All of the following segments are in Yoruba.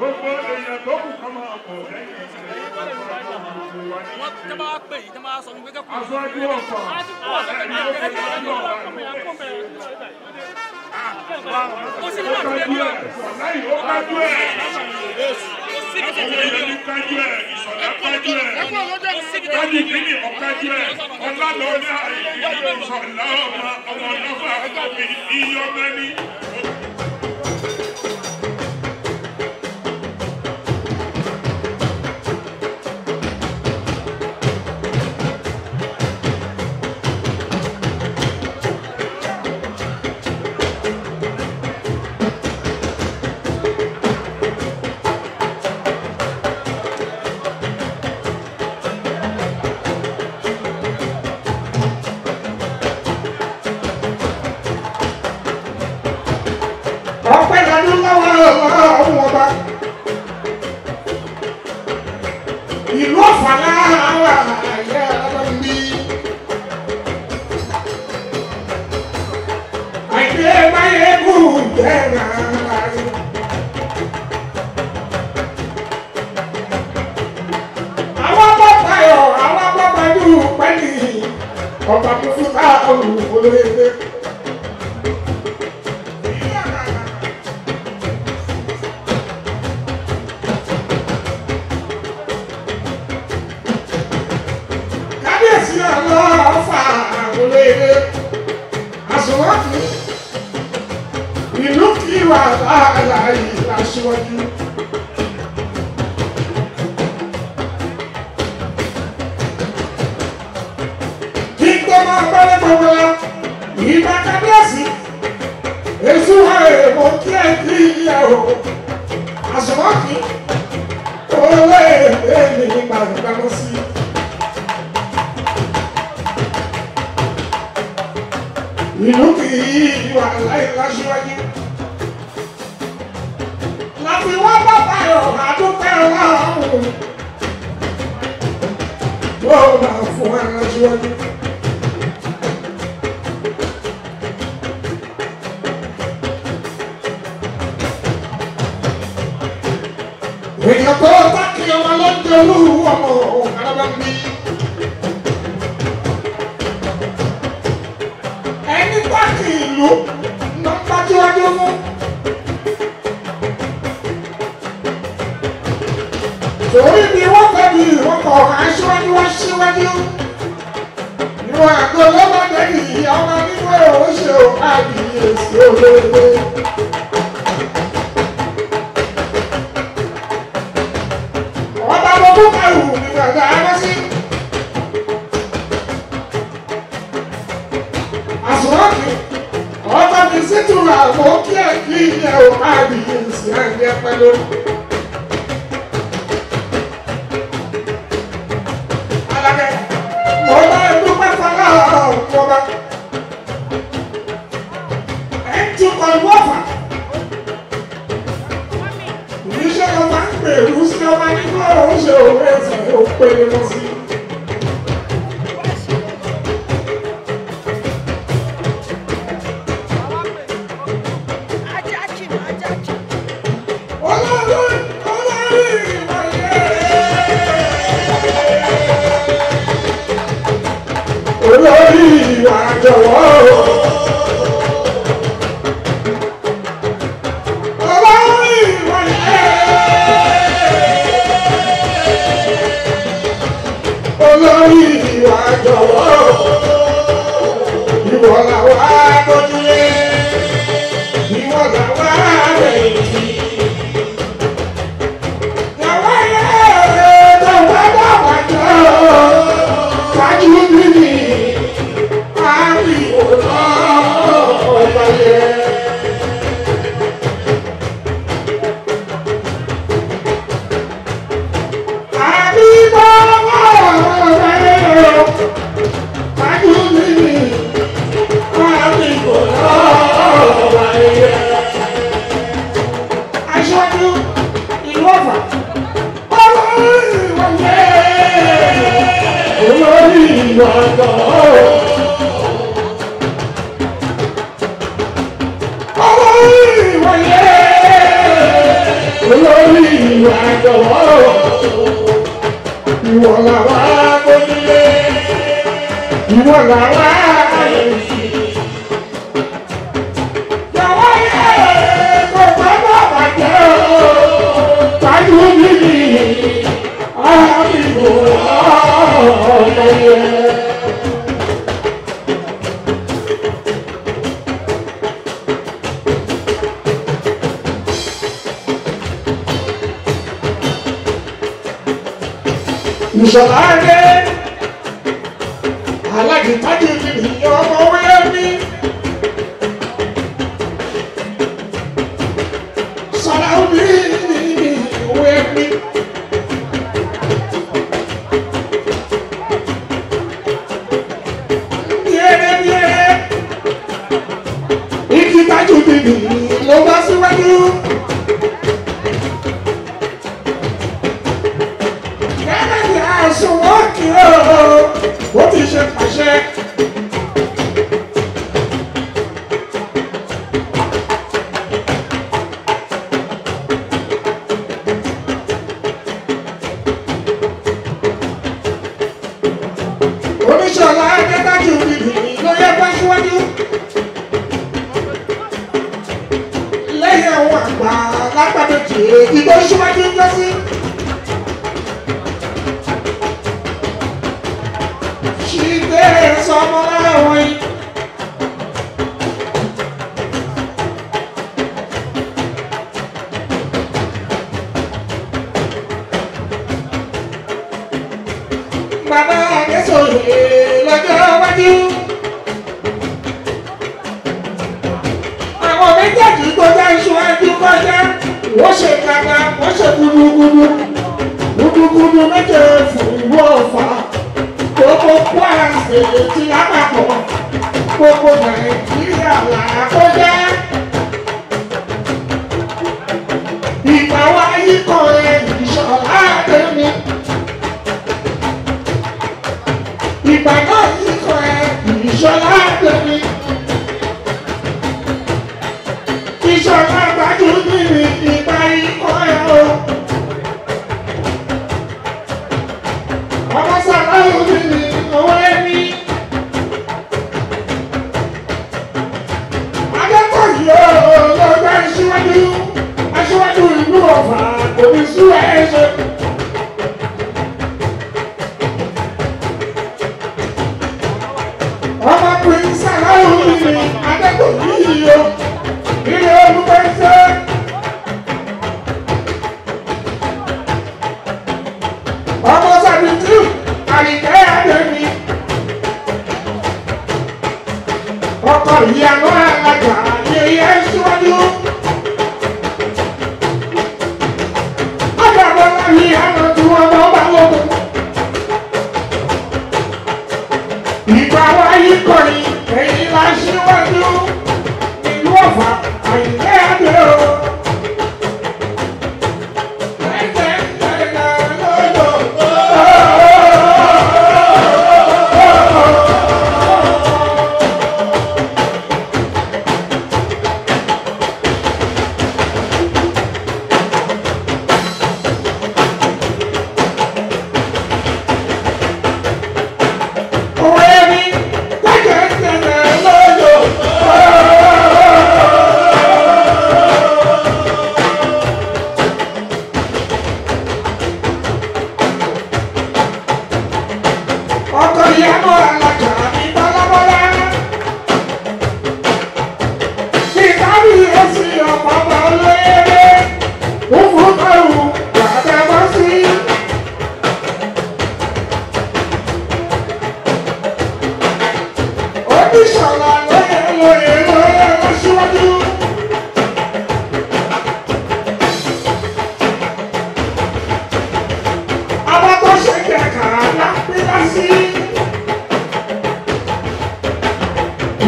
gbogbo èèyàn tó kù kọ́ máa bọ̀ lẹ́yìn wọ́n tẹ́ bá pè yìí tẹ́ bá sọ ní gbẹ́kẹ́ kù. aṣáájú ọ̀pọ̀ ẹni ó fi ọjọ́ ọ̀pọ̀. kò sí ní màtí lẹ́nu ẹ̀. láyìí ó kájú ẹ̀. Akọ̀wé ẹni kájú ẹ̀, ìsọ̀lá kájú ẹ̀, kájú kìíní ọ̀kájú ẹ̀, ọ̀làdọ̀ ní àìyí, ìsọ̀lá ọmọ ọmọ ọlọ́fà, ìyọ̀mẹ́ni. wọ́n máa fún aṣíwájú. èèyàn tó tákì ọmọ lọ́jọ́ olúwo ọmọ ọ̀kadà bá ń bí. ẹni tákì ìlú ló ń bá síwájú mú. Ọmọ àgbo lọ́mọdé nìyí, ọmọ nígbà ó ṣe ò àdìyèsí olóore. Ọba gbogbo kẹrù ní bàbá Arásí. Àsùnwọ̀kì, ọba mi sì tún àgbo kí ẹ̀kí olórí wa jọ̀wọ́. You shall argue. wọ́n ṣe kàkà wọ́n ṣe gudugudu gudugudu méje fòwò ọ̀fà gbogbo kwara èdè tí lápapọ̀ gbogbo nàìjíríà làá tó jẹ́. ìgbà wáyé kan ẹ̀yìn ìṣọ̀lá àdémi. ìgbà náà yìí kan ẹ̀yìn ìṣọ̀lá àdémi. ìṣọ̀lá àgbájú.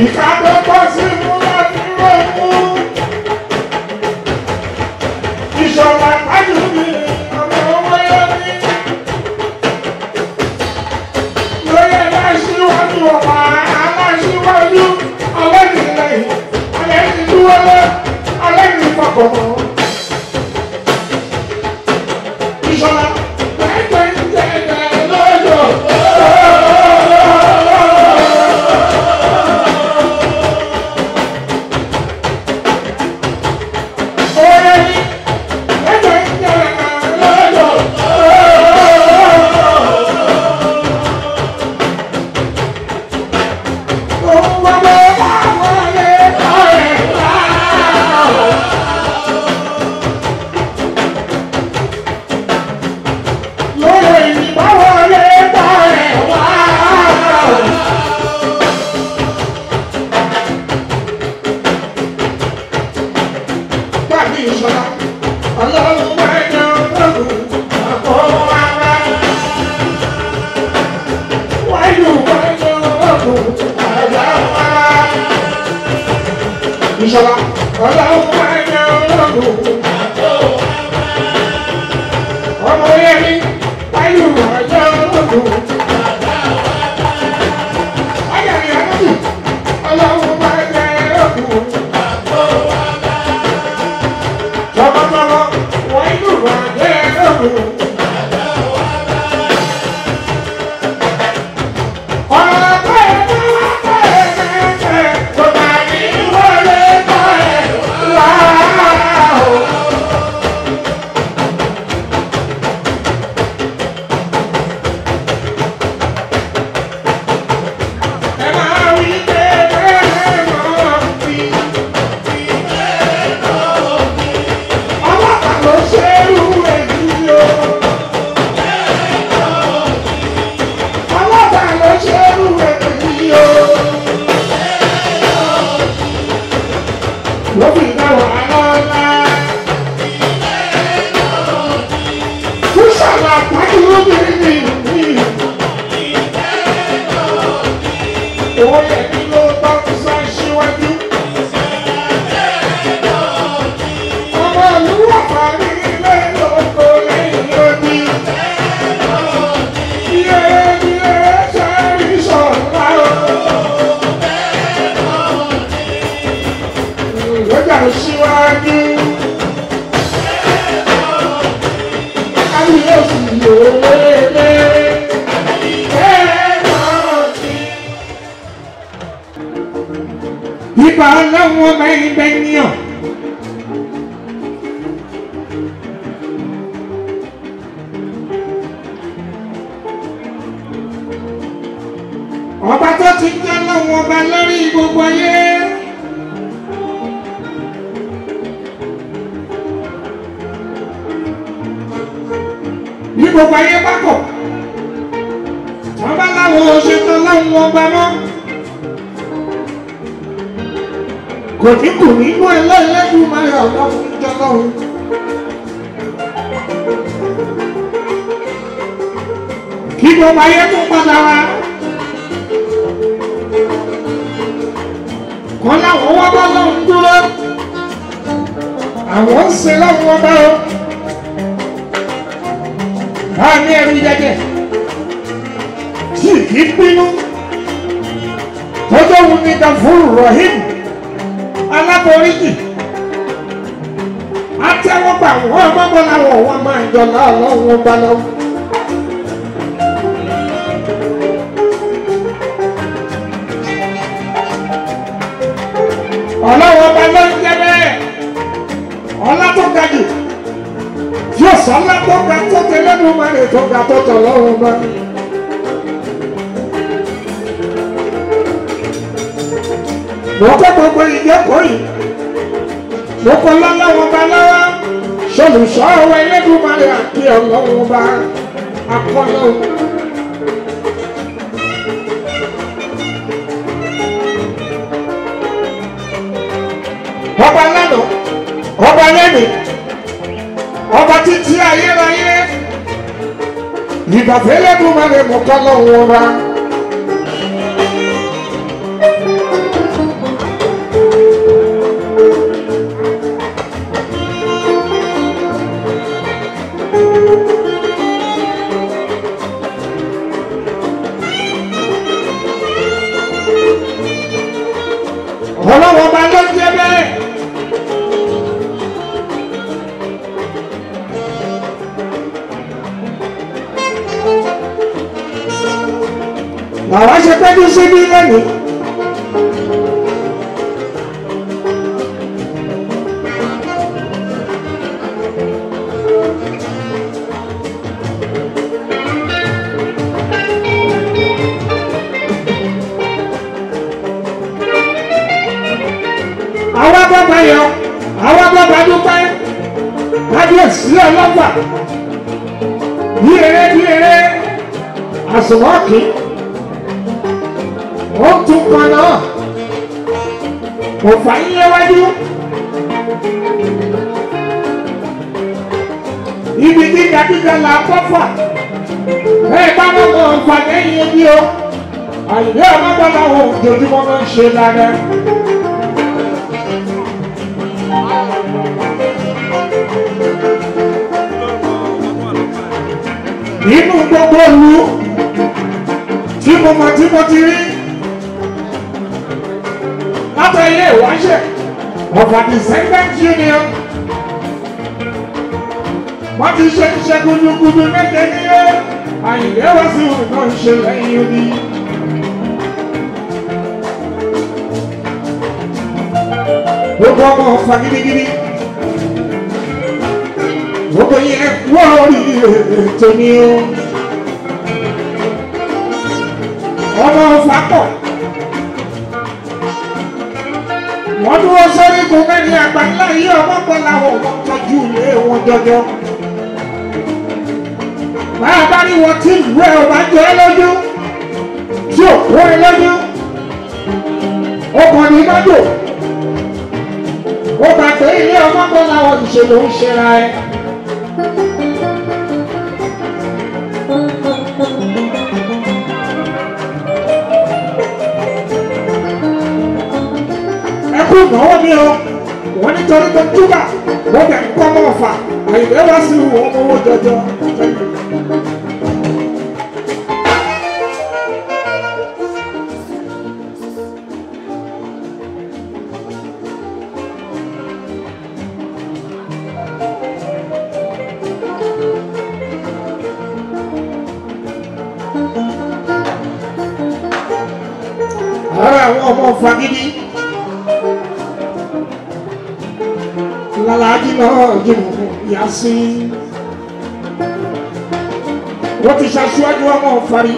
Yeah. ìṣọba ọba ọba ẹ̀yà ọlọ́dún. ọmọ yẹn ní síwájú. kábíyèsí yòó lélẹ̀. ìgbà ọlọ́run ọmọ ẹgbẹ́ níyàn. ọba tó ti ń jẹ́ lọ́wọ́ ọba lórí gbogbo ayé. gbogbo ayé pápọ̀ wọ́n bá láwọn ṣetán láwọn ọgbà mọ́ kò ní kù nínú ẹlẹ́lẹ́dùn máa yọ ọlọ́run jọlọ́run. kí gbogbo ayé tún padà wá. kọ́ láwọn wọ́n bá lọ́run dúró àwọn ń ṣe láwọn ọba o àmì ẹ̀rù jẹjẹ sì kì í bínú tọ́jọ́ wù ní Gafuru Rahim aláboríjì àtẹwọ́gbà wọ́n mọ́gbọ́n làwọn wọ́n máa ń jọ lọ́wọ́ wọn tó ga tọ́tọ̀ lọ́wọ́ mọ́. mo kọ́ gbogbo ìjókòó yìí mo kọ́ lọ́lọ́wọ́ bá lọ́wọ́ sọlùsọ ọwọ́ ẹlẹ́dùnmáyà àti ọlọ́wọ́ bá akọ́lọ́. ọba lánàá ọba lẹ́nu ọba títí ayé gazele de mokala wora thank you ṣíbíṣíbí lẹ́nu. àwa bàbá yọ àwa bàbá dúpẹ́ kábíyèsí ọlọ́gbà bí eré bí eré àsùnwọ̀n kìí ó tún kan náà kò fà yín léwájú. ibi gíga gíga là á kọ́fà ẹ bá mọ̀mọ́ nǹkan ẹ̀yìn ẹbí o àyè ọmọdọ́lá wo ojoojúmọ́ máa ń ṣe lára. inú gbogbo ìlú tí mo mọ̀ tí mo ti rí after a year wáṣẹ of a descendant union wọ́n ti ṣe iṣẹ́ gudugudu méje ní yó àyìnlé wá sí ọ̀nà ìṣe lẹ́yìn odi. gbogbo ọmọ ọ̀fà gidigidi wọ́n dúró sórí gun mẹ́rin àgbà ńlá yìí ọmọ kan làwọn ò tọ́jú ilé wọn jọjọ. máa bá rí wọn tí ìlú ẹ̀ ò bá jọ lójú tí ò kó ẹ lójú. ọkàn ní gbàgbọ́ ó gbà pé ilé ọmọ kan làwọn ìṣèlú ń ṣera ẹ. Thank you. kó náwó ni ọ wọ́n nítorí tó túbà wọ́n bẹ̀ ń kọ́ mọ́ ọ̀fà àyùbẹ́ wá sí ìwọ ọmọ owó jọjọ jọjọ. sí wọ́n ti ṣaṣíwájú ọmọ ọ̀fari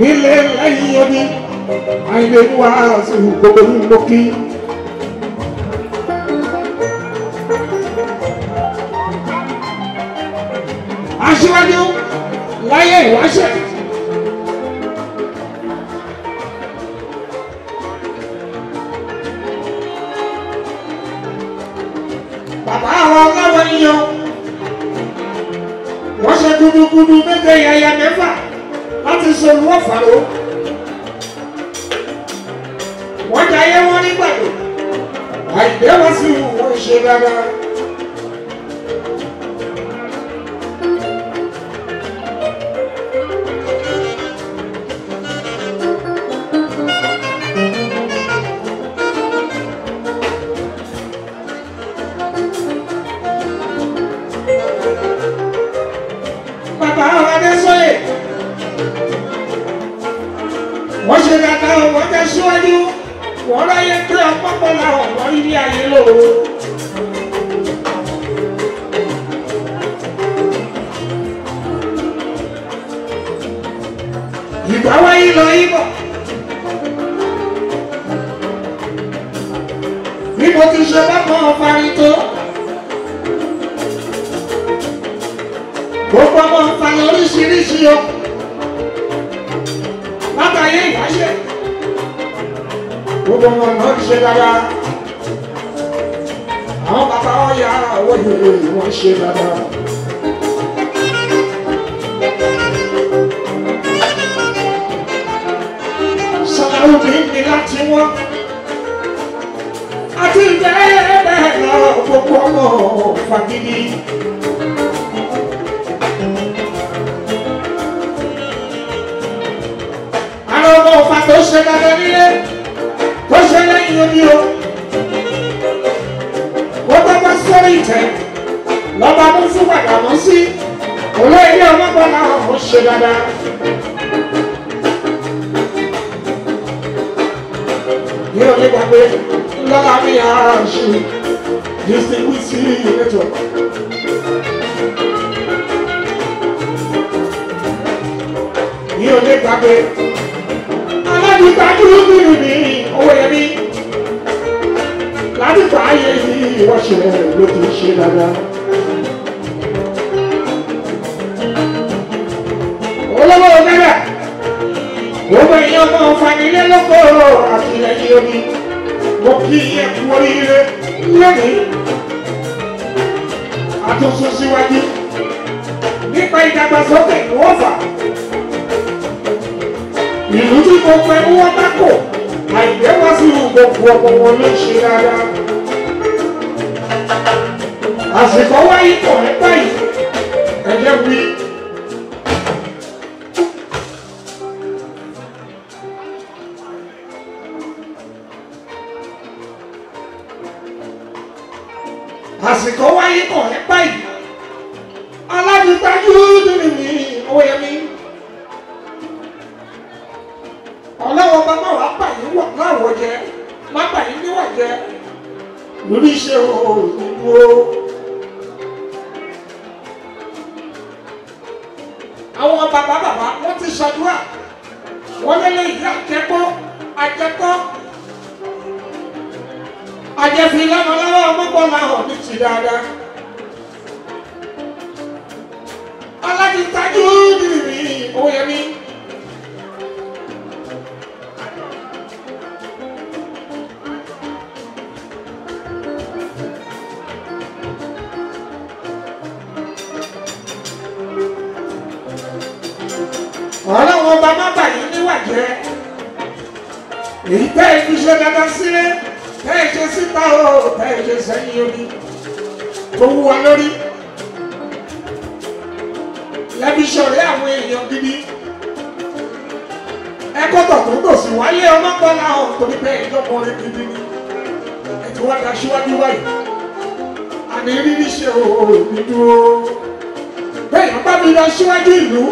nílé lẹ́yìn omi àìlè ní wa sí gbogbo lókì. aṣíwájú láyé ìwáṣẹ́. gudugudu méje yẹyẹ mẹ́fà láti ṣe olúwọ̀fàró wọ́n jayé wọn nígbàdo àìgbé wọn sí wọn ṣe dáadáa. gbogbo wọn náà ṣe dáadáa àwọn bàbá ọ̀yà wọ́yọ̀ wọ́n ṣe dáadáa. sàlàyé mi láti wọ́n àti bẹ́ẹ̀ bẹ́ẹ̀ lọ gbogbo ọmọ fagidi. àwọn ọmọ ọ̀fà ènìyàn ní o wọ́n bá bá sórí ìtẹ́ lọ́ba mú fún padà mọ́ sí olóyè ọlọ́gbọ́n náà ó ṣe dáadáa. ní onígbàgbé lọ́la mi á ṣe distinguish ìrètò. ní onígbàgbé aládùúgbàdúró mi rìn ní owó yẹn mi láti fà áyé yìí ìwọ́ṣẹ̀ rẹ̀ ló ti ṣe dáadáa. olówó náírà gbogbo èèyàn mọ fanilé lókòrò àtìlẹyìn omi mo kí iye kú oríire lónìí àtúnṣe síwájú nípa ìdàgbàsókè ìwọ́fà ìlú tí gbogbo ẹ̀wọ́ bá kò àìgbẹ́wò gbogbo ọmọ wọn ló ṣe dáadáa. àsìkò wáyé pọ̀ nípa yìí ẹ̀jẹ̀ bíi. ìtajú bìrì owó yẹn mi. ọlọ́wọ́ ọba má ṣọ̀rẹ́ àwọn èèyàn gidi ẹ̀kọ́tọ̀ tó ń tòsí wáyé ọlọ́gbọ́nà ọ̀hún torí pé ìjọkùnrin gidi ni ẹ̀tí wọ́n da síwájú wáyé àmì rírí ṣe òòrò mi dúró bẹ́ẹ̀ yọ̀ọ́ bá mi lọ síwájú ìlú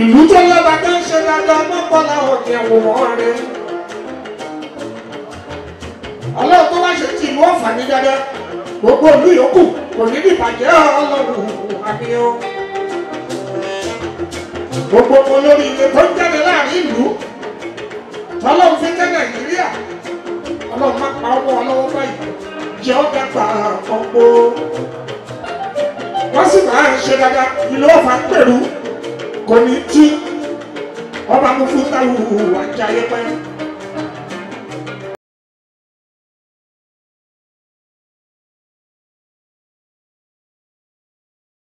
ìlú tó lọ́ba tó ń ṣe dáadáa ọlọ́gbọ́nà ọ̀hún ẹ̀wọ̀n ọ̀rẹ́ ọlọ́run tó bá ṣe ti ìlú ọ̀fà ní dáadáa gbogbo ìlú yòókù kò ní bí ìbàjẹ́ ọlọ́run àbíyàn gbogbo olórí ilé tó ń jáde láàrin ìlú tọ́lọ́run fi jẹ́ nàìjíríà ọlọ́run má pa ọwọ́ ọlọ́wọ́ báyìí jẹ́ ọ̀gá pa ọ̀pọ̀ wọ́n sì máa ń ṣe dáadáa ìlú ọ̀fà pẹ̀lú kò ní tí ọba mú fún táwọn òwò àjàyẹ